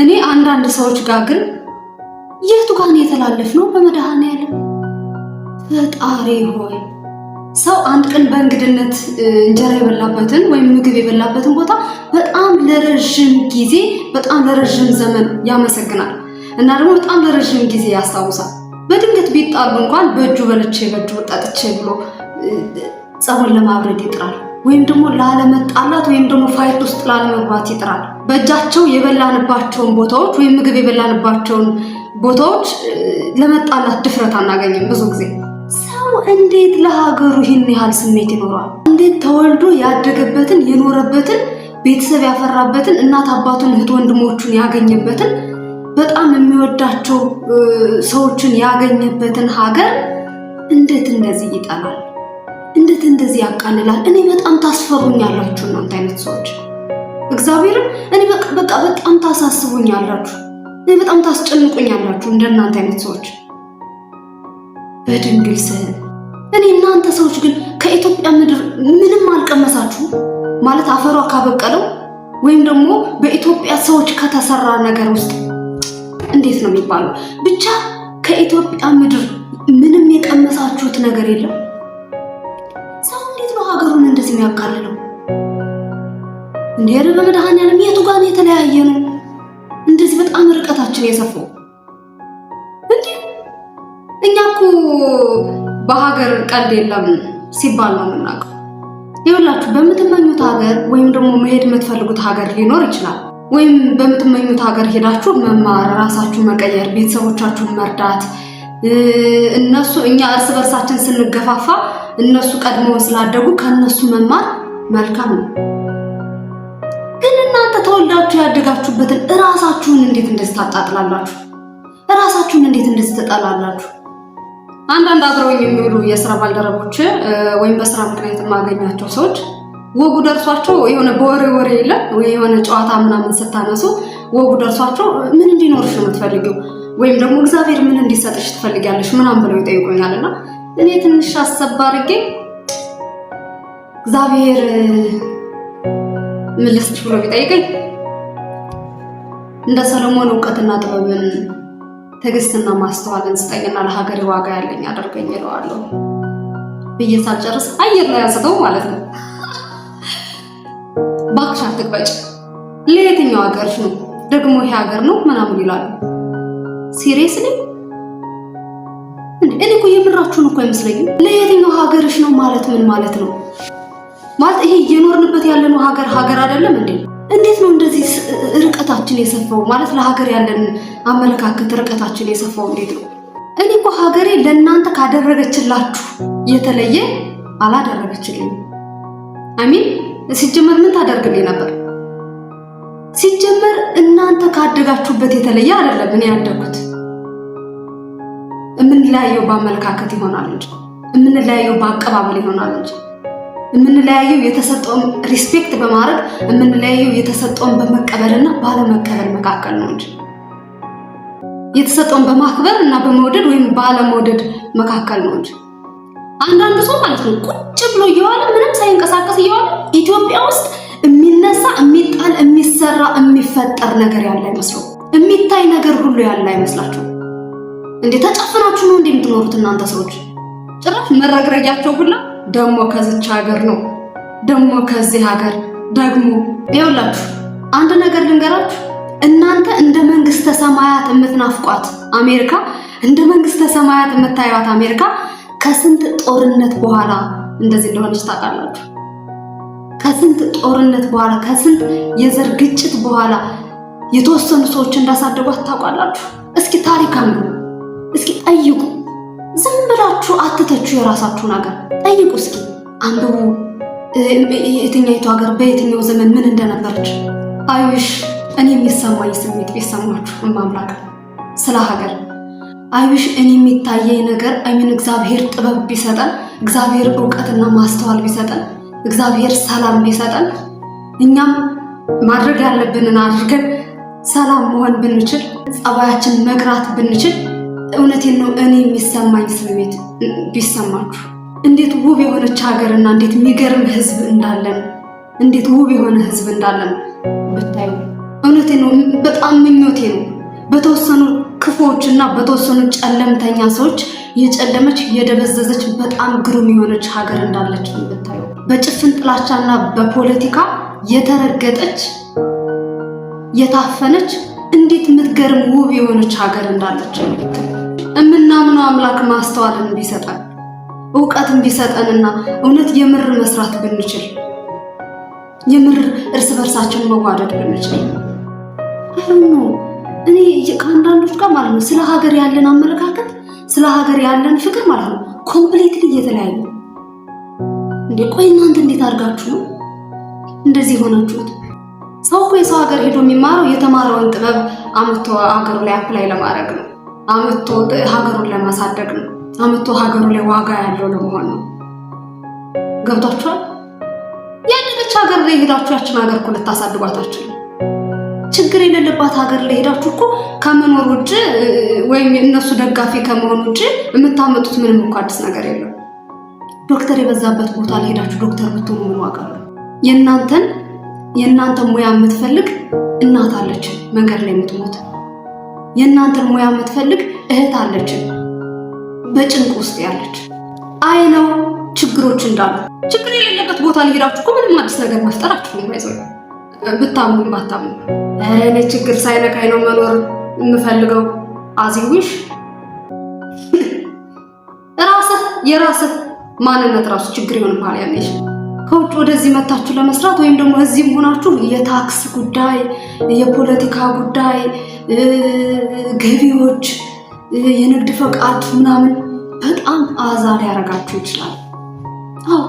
እኔ አንዳንድ ሰዎች ጋር ግን የቱ ጋር ነው የተላለፍ ነው? በመድኃኔዓለም ፈጣሪ ሆይ ሰው አንድ ቀን በእንግድነት እንጀራ የበላበትን ወይም ምግብ የበላበትን ቦታ በጣም ለረዥም ጊዜ በጣም ለረዥም ዘመን ያመሰግናል እና ደግሞ በጣም ለረዥም ጊዜ ያስታውሳል። በድንገት ቢጣሉ እንኳን በእጁ በልቼ በእጁ ጠጥቼ ብሎ ጸቦን ለማብረድ ይጥራል። ወይም ደግሞ ላለመጣላት ወይም ደግሞ ፋይት ውስጥ ላለመግባት ይጥራል። በእጃቸው የበላንባቸውን ቦታዎች ወይም ምግብ የበላንባቸውን ቦታዎች ለመጣላት ድፍረት አናገኝም ብዙ ጊዜ። ሰው እንዴት ለሀገሩ ይህን ያህል ስሜት ይኖረዋል? እንዴት ተወልዶ ያደገበትን የኖረበትን ቤተሰብ ያፈራበትን እናት አባቱን እህት ወንድሞቹን ያገኘበትን በጣም የሚወዳቸው ሰዎችን ያገኘበትን ሀገር እንዴት እንደዚህ ይጠላል? እንዴት እንደዚህ ያቃልላል? እኔ በጣም ታስፈሩኛላችሁ እናንተ አይነት ሰዎች እግዚአብሔርን፣ እኔ በቃ በቃ በጣም ታሳስቡኛላችሁ። እኔ በጣም ታስጨንቁኛላችሁ እንደናንተ አይነት ሰዎች በድንግል ስል እኔ እናንተ ሰዎች ግን ከኢትዮጵያ ምድር ምንም አልቀመሳችሁ ማለት አፈሯ ካበቀለው ወይም ደግሞ በኢትዮጵያ ሰዎች ከተሰራ ነገር ውስጥ እንዴት ነው የሚባለው? ብቻ ከኢትዮጵያ ምድር ምንም የቀመሳችሁት ነገር የለም። የሚያቃልለው እንዴ? ኧረ በመድኃኒዓለም የቱ ጋር ነው የተለያየ ነው? እንደዚህ በጣም ርቀታችን የሰፋው እንዴ? እኛ እኮ በሀገር ቀልድ የለም ሲባል ነው የምናውቀው። ይኸውላችሁ በምትመኙት ሀገር ወይም ደግሞ መሄድ የምትፈልጉት ሀገር ሊኖር ይችላል። ወይም በምትመኙት ሀገር ሄዳችሁ መማር፣ ራሳችሁን መቀየር፣ ቤተሰቦቻችሁን መርዳት እነሱ እኛ እርስ በርሳችን ስንገፋፋ እነሱ ቀድሞ ስላደጉ ከነሱ መማር መልካም ነው። ግን እናንተ ተወልዳችሁ ያደጋችሁበትን እራሳችሁን እንዴት እንደዚህ ታጣጥላላችሁ? እራሳችሁን እንዴት እንደዚህ ትጠላላችሁ? አንዳንድ አብረውኝ የሚውሉ የስራ ባልደረቦች ወይም በስራ ምክንያት የማገኛቸው ሰዎች ወጉ ደርሷቸው የሆነ በወሬ ወሬ የለም ወይ የሆነ ጨዋታ ምናምን ስታነሱ ወጉ ደርሷቸው ምን እንዲኖርሽ ነው የምትፈልጊው ወይም ደግሞ እግዚአብሔር ምን እንዲሰጥሽ ትፈልጊያለሽ ምናምን ብለው ይጠይቁኛልና እኔ ትንሽ አሰብ አድርጌ እግዚአብሔር ምልስ ብሎ ቢጠይቀኝ እንደ ሰለሞን እውቀትና ጥበብን ትዕግስትና ማስተዋልን ስጠኝና ለሀገሬ ዋጋ ያለኝ አድርገኝ እለዋለሁ ብዬ ሳልጨርስ አየር ላይ አንስተው ማለት ነው። እባክሽ አትቅበጭ፣ ለየትኛው ሀገርሽ ነው ደግሞ ይሄ ሀገር ነው ምናምን ይላሉ። ሲሪየስሊ የምራችሁን እኮ አይመስለኝም። ለየትኛው ሀገርሽ ነው ማለት ምን ማለት ነው? ማለት ይሄ እየኖርንበት ያለነው ሀገር ሀገር አይደለም እንዴ? እንዴት ነው እንደዚህ ርቀታችን የሰፋው? ማለት ለሀገር ያለን አመለካከት ርቀታችን የሰፋው እንዴት ነው? እኔ እኮ ሀገሬ ለእናንተ ካደረገችላችሁ የተለየ አላደረገችልኝ። አሚን ሲጀመር ምን ታደርግልኝ ነበር? ሲጀመር እናንተ ካደጋችሁበት የተለየ አይደለም እኔ ያደግኩት የምንለያየው በአመለካከት ይሆናል እንጂ የምንለያየው በአቀባበል ይሆናል እንጂ የምንለያየው የተሰጠውን ሪስፔክት በማድረግ የምንለያየው የተሰጠውን በመቀበልና ባለመቀበል መካከል ነው እንጂ የተሰጠውን በማክበር እና በመውደድ ወይም ባለመውደድ መካከል ነው እንጂ አንዳንድ ሰው ማለት ነው ቁጭ ብሎ እየዋለ ምንም ሳይንቀሳቀስ እየዋለ ኢትዮጵያ ውስጥ የሚነሳ የሚጣል የሚሰራ የሚፈጠር ነገር ያለ አይመስለው የሚታይ ነገር ሁሉ ያለ አይመስላችሁ እንዴ ተጨፍናችሁ ነው እንዴ የምትኖሩት እናንተ ሰዎች? ጭራሽ መረግረጊያቸው ሁላ ደግሞ ከዚች ሀገር ነው ደግሞ ከዚህ ሀገር ደግሞ ይኸውላችሁ፣ አንድ ነገር ልንገራችሁ። እናንተ እንደ መንግስተ ሰማያት የምትናፍቋት አሜሪካ፣ እንደ መንግስተ ሰማያት የምታዩት አሜሪካ ከስንት ጦርነት በኋላ እንደዚህ እንደሆነች ታውቃላችሁ? ከስንት ጦርነት በኋላ ከስንት የዘር ግጭት በኋላ የተወሰኑ ሰዎች እንዳሳደጓት ታውቃላችሁ? እስኪ ታሪክ አንብቡ። እስኪ ጠይቁ። ዝም ብላችሁ አትተቹ። የራሳችሁን ሀገር ጠይቁ እስኪ አንብቡ። የትኛይቱ ሀገር በየትኛው ዘመን ምን እንደነበረች አይሽ እኔ የሚሰማኝ ስሜት ቢሰማችሁ ማምላክ ስለ ሀገር አይሽ እኔ የሚታየኝ ነገር አይምን እግዚአብሔር ጥበብ ቢሰጠን እግዚአብሔር እውቀትና ማስተዋል ቢሰጠን እግዚአብሔር ሰላም ቢሰጠን እኛም ማድረግ ያለብንን አድርገን ሰላም መሆን ብንችል ጸባያችን መግራት ብንችል እውነቴን ነው። እኔ የሚሰማኝ ስሜት ቢሰማችሁ እንዴት ውብ የሆነች ሀገርና እንዴት የሚገርም ህዝብ እንዳለን እንዴት ውብ የሆነ ህዝብ እንዳለን ብታዩ እውነቴ ነው። በጣም ምኞቴ ነው። በተወሰኑ ክፉዎች እና በተወሰኑ ጨለምተኛ ሰዎች የጨለመች የደበዘዘች በጣም ግሩም የሆነች ሀገር እንዳለች ብታዩ በጭፍን ጥላቻ እና በፖለቲካ የተረገጠች የታፈነች እንዴት የምትገርም ውብ የሆነች ሀገር እንዳለች እምናምነው አምላክ ማስተዋልን ቢሰጠን እውቀትን ቢሰጠንና እውነት የምር መስራት ብንችል የምር እርስ በርሳችን መዋደድ ብንችል አሁን እኔ ከአንዳንዶች ጋር ማለት ነው ስለ ሀገር ያለን አመለካከት ስለ ሀገር ያለን ፍቅር ማለት ነው ኮምፕሌትሊ እየተለያዩ እንዴ ቆይ እናንተ እንዴት አድርጋችሁ ነው እንደዚህ የሆናችሁት ሰው እኮ የሰው ሀገር ሄዶ የሚማረው የተማረውን ጥበብ አምጥቶ ሀገሩ ላይ አፕላይ ለማድረግ ነው አምቶ ሀገሩን ለማሳደግ ነው። አምቶ ሀገሩ ላይ ዋጋ ያለው ለመሆን ነው። ገብቷችኋል? ያደገች ሀገር ላይ ሄዳችሁ ያችን ሀገር እኮ ልታሳድጓታችሁ ችግር የሌለባት ሀገር ላይ ሄዳችሁ እኮ ከመኖር ውጭ ወይም የእነሱ ደጋፊ ከመሆን ውጭ የምታመጡት ምንም እኮ አዲስ ነገር የለም። ዶክተር የበዛበት ቦታ ላይ ሄዳችሁ ዶክተር ብትሆኑ ምን ዋጋ ነው? የእናንተን የእናንተ ሙያ የምትፈልግ እናት አለች መንገድ ላይ የምትሞት የእናንተን ሙያ የምትፈልግ እህት አለች፣ በጭንቅ ውስጥ ያለች። አይ ነው ችግሮች እንዳሉ ችግር የሌለበት ቦታ ሊሄዳችሁ እኮ ምንም አዲስ ነገር መፍጠራችሁ ይዘ ብታሙ ባታሙ እኔ ችግር ሳይነካኝ ነው መኖር የምፈልገው አዚዊሽ ራስህ የራስህ ማንነት ራሱ ችግር ይሆንብሃል ያለሽ ከውጭ ወደዚህ መታችሁ ለመስራት ወይም ደግሞ እዚህም ሆናችሁ የታክስ ጉዳይ፣ የፖለቲካ ጉዳይ፣ ገቢዎች፣ የንግድ ፈቃድ ምናምን በጣም አዛ ሊያደርጋችሁ ይችላል። አዎ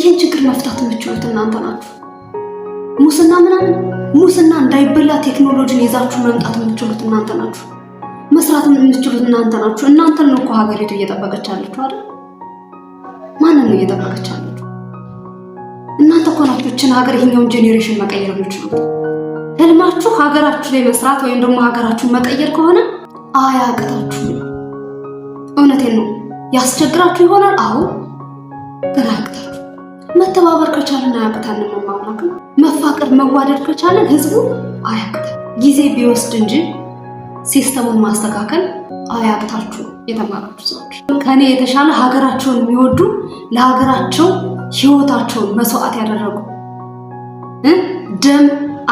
ይህን ችግር መፍታት የምችሉት እናንተ ናችሁ። ሙስና ምናምን ሙስና እንዳይበላ ቴክኖሎጂን ይዛችሁ መምጣት የምትችሉት እናንተ ናችሁ። መስራት የምትችሉት እናንተ ናችሁ። እናንተን ነው እኮ ሀገሪቱ እየጠበቀች ያለችው አይደል? ማንን ነው እየጠበቀች አለችው? እናንተ እኮ ናችሁ ይችን ሀገር ይሄኛውን ጄኔሬሽን መቀየር የምችሉት። ህልማችሁ ሀገራችሁ ላይ መስራት ወይም ደግሞ ሀገራችሁን መቀየር ከሆነ አያቅታችሁ። እውነቴን ነው። ያስቸግራችሁ ይሆናል። አሁን ግን አያቅታችሁ። መተባበር ከቻለን አያቅታንም። መማማክ፣ መፋቀር፣ መዋደድ ከቻለን ህዝቡ አያቅታል። ጊዜ ቢወስድ እንጂ ሲስተሙን ማስተካከል አያቅታችሁ የተማራችሁ ሰዎች ከእኔ የተሻለ ሀገራቸውን የሚወዱ ለሀገራቸው ህይወታቸውን መስዋዕት ያደረጉ ደም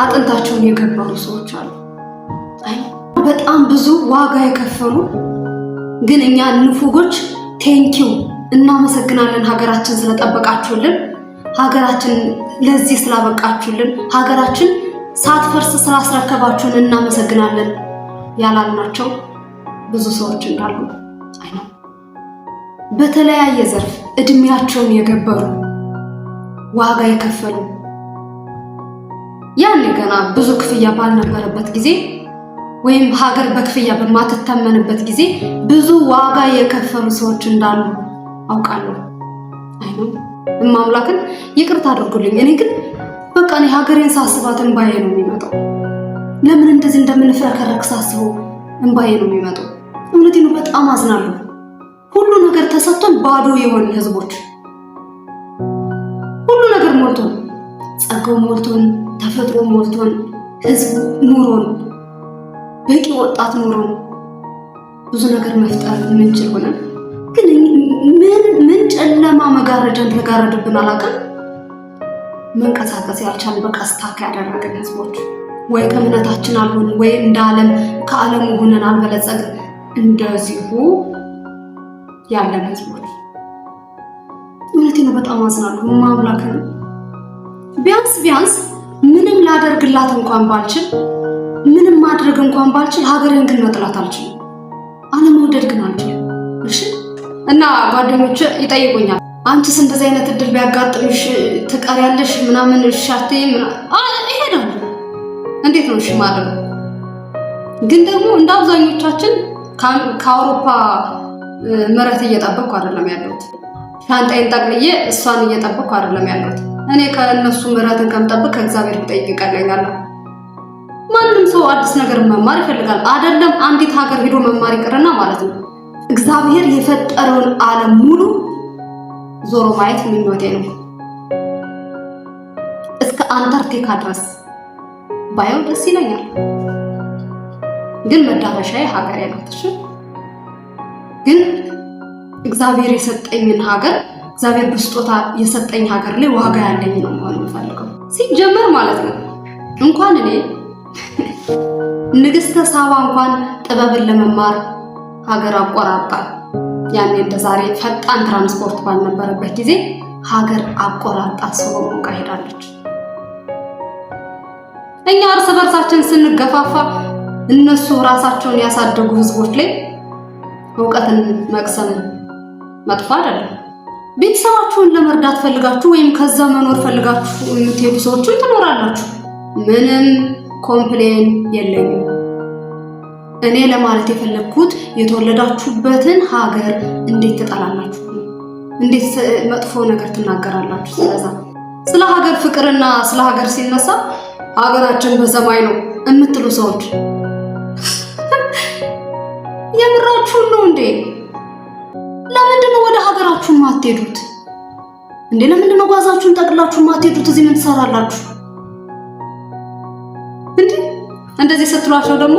አጥንታቸውን የገበሩ ሰዎች አሉ። በጣም ብዙ ዋጋ የከፈሉ ግን እኛ ንፉጎች ቴንኪው እናመሰግናለን፣ ሀገራችን ስለጠበቃችሁልን፣ ሀገራችን ለዚህ ስላበቃችሁልን፣ ሀገራችን ሳትፈርስ ስላስረከባችሁን እናመሰግናለን። ያላልናቸው ብዙ ሰዎች እንዳሉ አይ በተለያየ ዘርፍ እድሜያቸውን የገበሩ ዋጋ የከፈሉ ያኔ ገና ብዙ ክፍያ ባልነበረበት ጊዜ ወይም ሀገር በክፍያ በማትተመንበት ጊዜ ብዙ ዋጋ የከፈሉ ሰዎች እንዳሉ አውቃለሁ። አይ እማምላክን ይቅርታ አድርጉልኝ። እኔ ግን በቃ እኔ ሀገሬን ሳስባትን እንባዬ ነው የሚመጣው። ለምን እንደዚህ እንደምንፍረከረክ ሳስበው እንባዬ ነው የሚመጣው። እውነቴ ነው። በጣም አዝናለሁ። ሁሉ ነገር ተሰጥቶን ባዶ የሆን ህዝቦች፣ ሁሉ ነገር ሞልቶን፣ ጸጋው ሞልቶን፣ ተፈጥሮ ሞልቶን፣ ህዝቡ ኑሮን፣ በቂ ወጣት ኑሮን ብዙ ነገር መፍጠር የምንችል ሆነ ግን ምን ጨለማ መጋረጃ እንደተጋረደብን አላውቅም። መንቀሳቀስ ያልቻልን በቃ ስታክ ያደረግን ህዝቦች ወይ ከእምነታችን አልሆን ወይ እንደ ዓለም ከዓለሙ ሆነን አልበለጸግ እንደዚሁ ያለን ህዝቦች እውነት ነው። በጣም አዝናለሁ። ማምላክ ነው። ቢያንስ ቢያንስ ምንም ላደርግላት እንኳን ባልችል፣ ምንም ማድረግ እንኳን ባልችል፣ ሀገሬን ግን መጥላት አልችልም። አለመውደድ ግን አልችልም። እሺ እና ጓደኞች ይጠይቁኛል። አንቺስ እንደዚህ አይነት እድል ቢያጋጥምሽ ትቀሪያለሽ ምናምን ሻርቴ ነው እንዴት ነው እሺ ማድረግ? ግን ደግሞ እንደ አብዛኞቻችን ከአውሮፓ ምረት እየጠበቅኩ አይደለም ያለሁት። ሻንጣዬን ጠቅልዬ እሷን እየጠበቅኩ አይደለም ያለሁት። እኔ ከእነሱ ምረትን ከምጠብቅ ከእግዚአብሔር ብጠይቅ ይቀለኛለሁ። ማንም ሰው አዲስ ነገር መማር ይፈልጋል አይደለም? አንዲት ሀገር ሄዶ መማር ይቅርና ማለት ነው እግዚአብሔር የፈጠረውን ዓለም ሙሉ ዞሮ ማየት ምኞቴ ነው። እስከ አንታርክቲካ ድረስ ባየው ደስ ይለኛል፣ ግን መዳረሻዬ ሀገር ናት። ግን እግዚአብሔር የሰጠኝን ሀገር እግዚአብሔር በስጦታ የሰጠኝ ሀገር ላይ ዋጋ ያለኝ ነው መሆን የምፈልገው። ሲጀመር ማለት ነው እንኳን እኔ ንግስተ ሳባ እንኳን ጥበብን ለመማር ሀገር አቆራርጣ ያኔ እንደዛሬ ፈጣን ትራንስፖርት ባልነበረበት ጊዜ ሀገር አቆራርጣ ሰው ሄዳለች። እኛ እርስ በርሳችን ስንገፋፋ እነሱ ራሳቸውን ያሳደጉ ህዝቦች ላይ እውቀትን መቅሰም መጥፎ አይደለም። ቤተሰባችሁን ለመርዳት ፈልጋችሁ ወይም ከዛ መኖር ፈልጋችሁ የምትሄዱ ሰዎችን ትኖራላችሁ። ምንም ኮምፕሌን የለኝም። እኔ ለማለት የፈለግኩት የተወለዳችሁበትን ሀገር እንዴት ትጠላላችሁ? እንዴት መጥፎ ነገር ትናገራላችሁ? ስለዛ ስለ ሀገር ፍቅርና ስለ ሀገር ሲነሳ አገራችን በሰማይ ነው የምትሉ ሰዎች የምራችሁን ነው እንዴ? ለምንድን ነው ወደ ሀገራችሁን ማትሄዱት እንዴ? ለምንድን ነው ጓዛችሁን ጠቅላችሁ ማትሄዱት? እዚህ ምን ትሰራላችሁ? እንደዚህ ስትሏቸው ደግሞ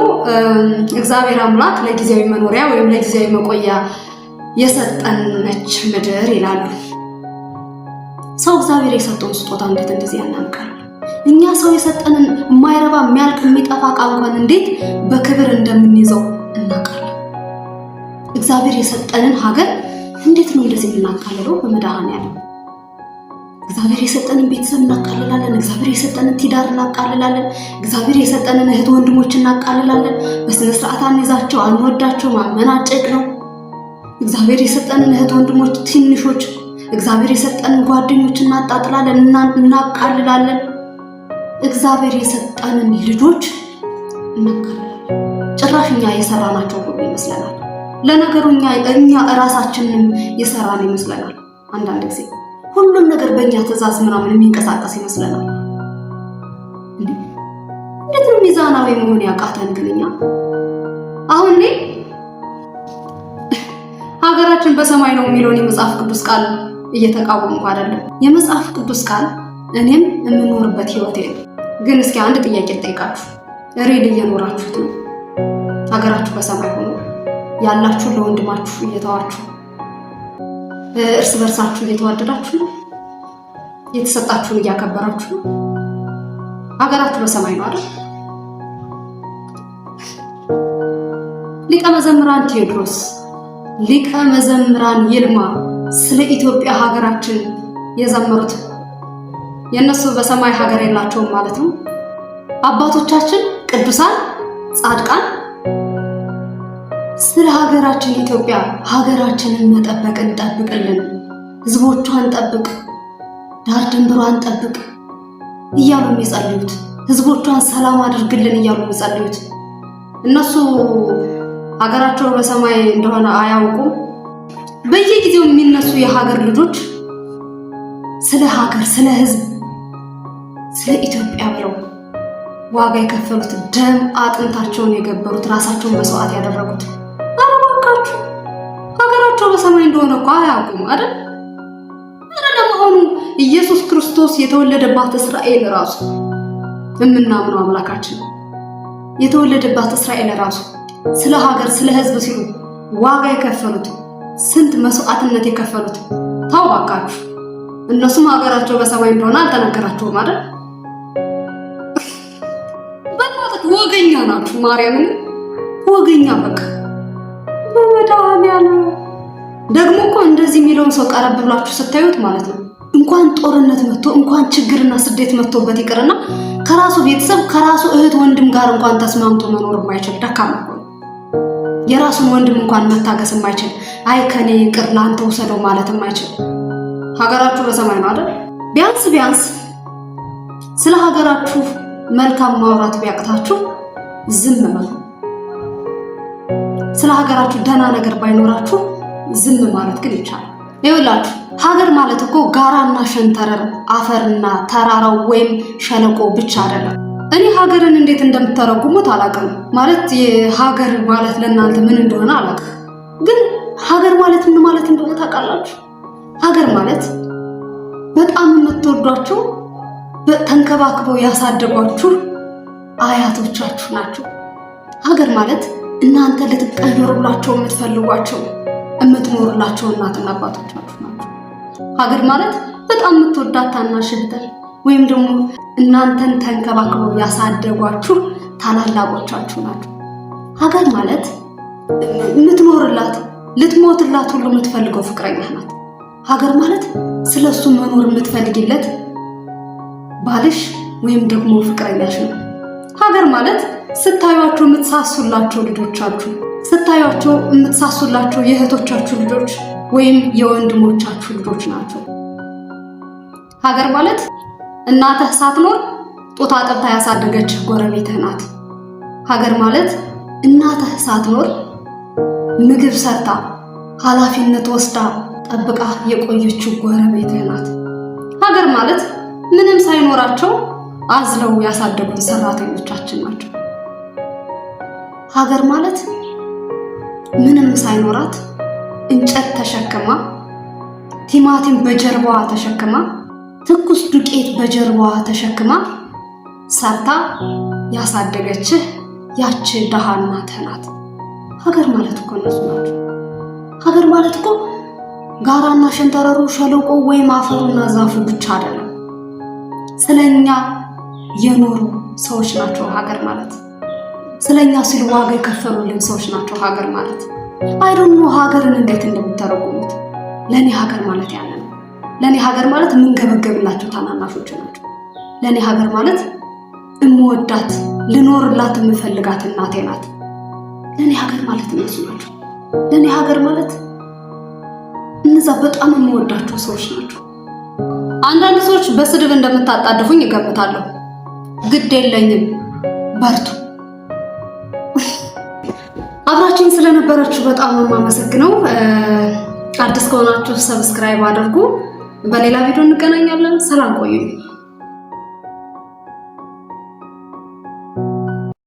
እግዚአብሔር አምላክ ለጊዜያዊ መኖሪያ ወይም ለጊዜያዊ መቆያ የሰጠነች ምድር ይላሉ። ሰው እግዚአብሔር የሰጠውን ስጦታ እንዴት እንደዚህ ያናምቃል? እኛ ሰው የሰጠንን የማይረባ የሚያልቅ የሚጠፋ ዕቃ እንኳን እንዴት በክብር እንደምንይዘው እናውቃለን። እግዚአብሔር የሰጠንን ሀገር እንዴት ነው እንደዚህ የምናካልለው? በመድኃኔዓለም እግዚአብሔር የሰጠንን ቤተሰብ እናቃልላለን። እግዚአብሔር የሰጠንን ትዳር እናቃልላለን። እግዚአብሔር የሰጠንን እህት ወንድሞች እናቃልላለን። በስነ ስርዓት አንይዛቸው፣ አንወዳቸው፣ ማመናጨቅ ነው። እግዚአብሔር የሰጠንን እህት ወንድሞች ትንሾች እግዚአብሔር የሰጠንን ጓደኞች እናጣጥላለን፣ እናቃልላለን። እግዚአብሔር የሰጠንን ልጆች እንከራለን። ጭራሽ እኛ የሰራናቸው ሁሉ ይመስለናል። ለነገሩ እኛ እራሳችንንም የሰራን ይመስለናል። አንዳንድ ጊዜ ሁሉም ነገር በእኛ ትዕዛዝ ምናምን የሚንቀሳቀስ ይመስለናል። እንዴት ነው ሚዛናዊ መሆን ያቃተን? ግን እኛ አሁን እኔ ሀገራችን በሰማይ ነው የሚለውን የመጽሐፍ ቅዱስ ቃል እየተቃወምኩ አይደለም። የመጽሐፍ ቅዱስ ቃል እኔም የምኖርበት ህይወት የለም። ግን እስኪ አንድ ጥያቄ ልጠይቃችሁ። ሬል እየኖራችሁት ነው? ሀገራችሁ በሰማይ ሆኖ ያላችሁ ለወንድማችሁ እየተዋችሁ እርስ በርሳችሁ እየተዋደዳችሁ ነው? የተሰጣችሁን እያከበራችሁ ነው? ሀገራችሁ በሰማይ ነው አይደል? ሊቀ መዘምራን ቴዎድሮስ ሊቀ መዘምራን ይልማ ስለ ኢትዮጵያ ሀገራችን የዘመሩት የእነሱ በሰማይ ሀገር የላቸውም ማለት ነው። አባቶቻችን ቅዱሳን፣ ጻድቃን ስለ ሀገራችን ኢትዮጵያ ሀገራችንን መጠበቅ እንጠብቅልን ህዝቦቿን ጠብቅ፣ ዳር ድንብሯን ጠብቅ እያሉ የሚጸልዩት ህዝቦቿን ሰላም አድርግልን እያሉ የሚጸልዩት እነሱ ሀገራቸው በሰማይ እንደሆነ አያውቁም። በየጊዜው የሚነሱ የሀገር ልጆች ስለ ሀገር ስለ ህዝብ ስለ ኢትዮጵያ ብለው ዋጋ የከፈሉት ደም አጥንታቸውን የገበሩት ራሳቸውን መስዋዕት ያደረጉት አረባካችሁ ሀገራቸው በሰማይ እንደሆነ እኮ አያውቁም አይደል? አረ ለመሆኑ ኢየሱስ ክርስቶስ የተወለደባት እስራኤል ራሱ የምናምነው አምላካችን የተወለደባት እስራኤል ራሱ ስለ ሀገር ስለ ሕዝብ ሲሉ ዋጋ የከፈሉት ስንት መስዋዕትነት የከፈሉት ታውባካችሁ እነሱም ሀገራቸው በሰማይ እንደሆነ አልተነገራቸውም አይደል? ወገኛ ናችሁ። ማርያምን ወገኛ በቃ በመድኃኒዓለም ደግሞ እኮ እንደዚህ የሚለውን ሰው ቀረብ ብላችሁ ስታዩት ማለት ነው እንኳን ጦርነት መጥቶ እንኳን ችግርና ስደት መጥቶበት ይቅርና ከራሱ ቤተሰብ ከራሱ እህት ወንድም ጋር እንኳን ተስማምቶ መኖር የማይችል ደካማ የራሱን ወንድም እንኳን መታገስ የማይችል አይ ከኔ ይቅር ለአንተ ውሰደው ማለት የማይችል ሀገራችሁ በሰማይ ነው አይደል? ቢያንስ ቢያንስ ስለ ሀገራችሁ መልካም ማውራት ቢያቅታችሁ ዝም በሉ። ስለ ሀገራችሁ ደህና ነገር ባይኖራችሁ ዝም ማለት ግን ይቻላል። ይኸውላችሁ ሀገር ማለት እኮ ጋራና ሸንተረር፣ አፈርና ተራራው ወይም ሸለቆ ብቻ አይደለም። እኔ ሀገርን እንዴት እንደምተረጉሙት አላውቅም። ማለት የሀገር ማለት ለእናንተ ምን እንደሆነ አላውቅም። ግን ሀገር ማለት ምን ማለት እንደሆነ ታውቃላችሁ? ሀገር ማለት በጣም የምትወዷቸው ተንከባክበው ያሳደጓችሁ አያቶቻችሁ ናቸው። ሀገር ማለት እናንተ ልትቀየሩ ብላቸው የምትፈልጓቸው የምትኖሩላቸው እናትና አባቶቻችሁ ናቸው። ሀገር ማለት በጣም የምትወዳት ታናሽ እህትህ ወይም ደግሞ እናንተን ተንከባክበው ያሳደጓችሁ ታላላቆቻችሁ ናቸው። ሀገር ማለት የምትኖርላት ልትሞትላት ሁሉ የምትፈልገው ፍቅረኛ ናት። ሀገር ማለት ስለ እሱ መኖር የምትፈልግለት ባልሽ ወይም ደግሞ ፍቅረኛሽ ነው። ሀገር ማለት ስታዩቸው የምትሳሱላቸው ልጆቻችሁ፣ ስታዩቸው የምትሳሱላቸው የእህቶቻችሁ ልጆች ወይም የወንድሞቻችሁ ልጆች ናቸው። ሀገር ማለት እናትህ ሳትኖር ጡት አጥብታ ያሳደገች ጎረቤትህ ናት። ሀገር ማለት እናትህ ሳትኖር ምግብ ሰርታ ኃላፊነት ወስዳ ጠብቃ የቆየችው ጎረቤትህ ናት። ሀገር ማለት ምንም ሳይኖራቸው አዝለው ያሳደጉን ሰራተኞቻችን ናቸው። ሀገር ማለት ምንም ሳይኖራት እንጨት ተሸክማ፣ ቲማቲም በጀርባዋ ተሸክማ፣ ትኩስ ዱቄት በጀርባዋ ተሸክማ ሰርታ ያሳደገችህ ያቺ ድሃ እናትህ ናት። ሀገር ማለት እኮ እነሱ ናቸው። ሀገር ማለት እኮ ጋራና ሸንተረሩ ሸለቆ ወይም አፈሩና ዛፉ ብቻ አይደለም። ስለኛ የኖሩ ሰዎች ናቸው ሀገር ማለት። ስለኛ ሲሉ ዋጋ የከፈሉልን ሰዎች ናቸው ሀገር ማለት። አይዶኖ ሀገርን እንዴት እንደምተረጉሙት። ለእኔ ሀገር ማለት ያለ ነው። ለእኔ ሀገር ማለት የምንገበገብላቸው ታናናሾች ናቸው። ለእኔ ሀገር ማለት እምወዳት ልኖርላት የምፈልጋት እናቴ ናት። ለእኔ ሀገር ማለት እነሱ ናቸው። ለእኔ ሀገር ማለት እነዛ በጣም የምወዳቸው ሰዎች ናቸው። አንዳንድ ሰዎች በስድብ እንደምታጣድፉኝ እገምታለሁ። ግድ የለኝም፣ በርቱ። አብራችን ስለነበራችሁ በጣም ነው የማመሰግነው። አዲስ ከሆናችሁ ሰብስክራይብ አድርጉ። በሌላ ቪዲዮ እንገናኛለን። ሰላም ቆዩ።